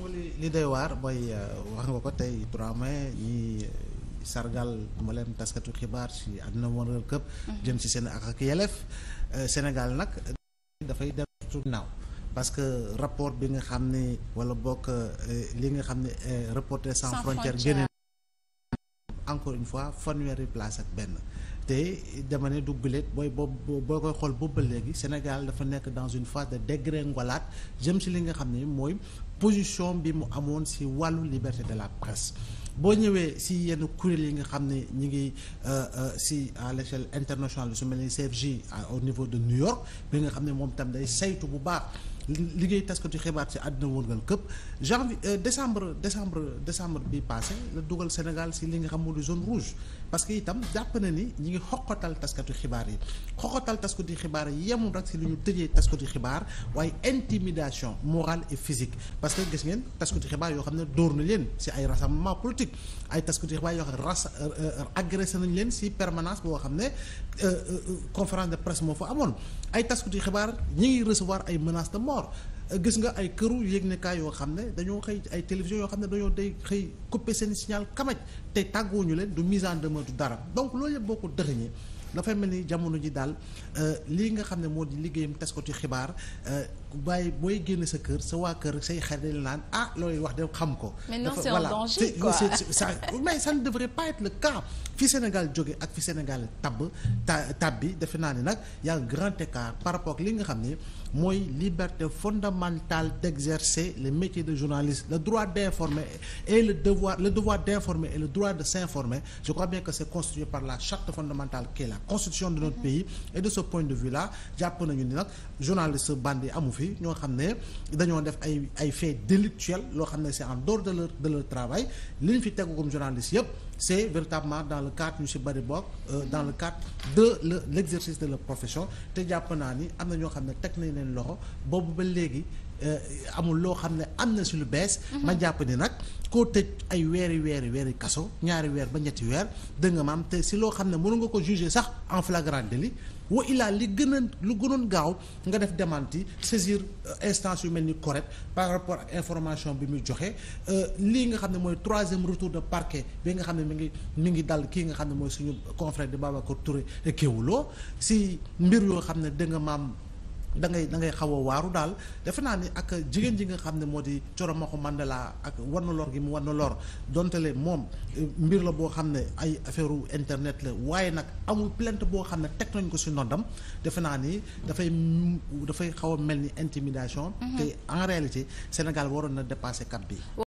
nga li li waar mooy euh, wax nga ko tey 3 mai ñi sargal mbooleem taskatu xibaar si àdduna wërngal këpp mhm. jëm si seen ak ak yelef euh, Sénégal nag dafay dem naaw parce que rapport bi nga xam ne wala bokk euh, li nga xam ni Reporters sans frontières génne encore une fois fanweeri place ak benn te dama ne du gulet booy boobu boo koy xool boobu léegi Sénégal dafa nekk dans une phase de dégringolade jëm si li nga xam ne mooy position bi mu amoon si wàllu liberté de la presse boo ñëwee si yenn kuréel yi nga xam ne ñi ngi euh, euh, si à l' échelle internationale su mel ni CFJ au niveau de New York bi nga xam ne moom tam day saytu bu baax liggéey taskatu xibaar ci àdduna wërngal këpp janvier euh, décembre décembre décembre bi passé la dugal Sénégal ci li nga xam moo di zone rouge parce que itam jàpp na ni ñi ngi xoqatal taskatu xibaar yi xoqatal taskatu xibaar yi yemul rek ci li ñu tëjee taskatu xibaar waaye intimidation morale et physique parce que gis ngeen taskatu xibaar yoo xam ne dóor na leen ci ay rassemblement politique ay taskatu xibaar yoo xam ne ras euh, euh, agressé nañ leen ci permanence boo xam ne conférence de presse moo fa amoon ay taskatu xibaar ñi ngi recevoir ay menaces de mort or gis nga ay këru yëglekaay yoo xam ne dañoo xëy ay télévision yoo xam ne dañoo day xëy couper seen signal kamaj te tàgguwuñu leen du mise en demeure du dara donc loolu yëpp boo ko dëxëñee dafay mel ni jamono ji daal euh, lii nga xam ne moo di liggéeyam tes ko ci xibaar euh, ku bàyyi booy génn sa kër sa waa kër say xarit dañ naan ah looy wax de xam ko. dafa voilà c'est ça mais ça ne devrait pas être le cas fi Sénégal jóge ak fi Sénégal tabb ta tab bi defe naa ne nag y a un grand écart par rapport li nga xam ne mooy liberté fondamentale d'exercer le métier de journaliste le droit d'informer et le devoir le devoir d'informer et le droit de s'informer je crois bien que la charte fondamentale constitution de notre pays et de ce point de vue là jàpp nañu ni nag journaliste bandi amu fi ñoo xam ne dañoo def ay ay faits délictuels loo xam ne c'est en dehors de leur de leur li ñu fi tegu comme journaliste yëpp c'est véritablement dans le cadre ñu si bari bokk euh, dans le cadre de l'exercice de la profession te jàpp naa ni am na ñoo xam ne teg nañ leen loxo boobu ba léegi Euh, amul loo xam ne am na si lu bees. Mhm. ma jàpp ni nag koo tëj ay weeri weeri weeri kaso ñaari weer ba ñetti weer dégg nga te si loo xam ne mënu nga ko juger sax en flagrant délit wa illaa li gën a lu gënoon gaaw nga def démenti saisir euh, instance yu mel ni correct par rapport ak information bi muy joxe euh, lii nga xam ne mooy troisième retour de parquet bi nga xam ne mi ngi mi ngi dal kii nga xam ne mooy suñu confrère de Babacar Touré Kewoulo si mbir yoo xam ne dégg nga maam. da ngay da ngay xaw a waaru daal defe naa ni ak jigéen ji nga xam ne moo di Coro Maxu Mandela ak war na lor gi mu war na lor dontele moom euh, mbir la boo xam ne ay affaire internet la waaye nag amul plainte boo xam ne teg nañ ko si nondam defe naa ni dafay dafay xaw a mel ni intimidation mm-hmm. te en Sénégal waroon na dépasser cap bi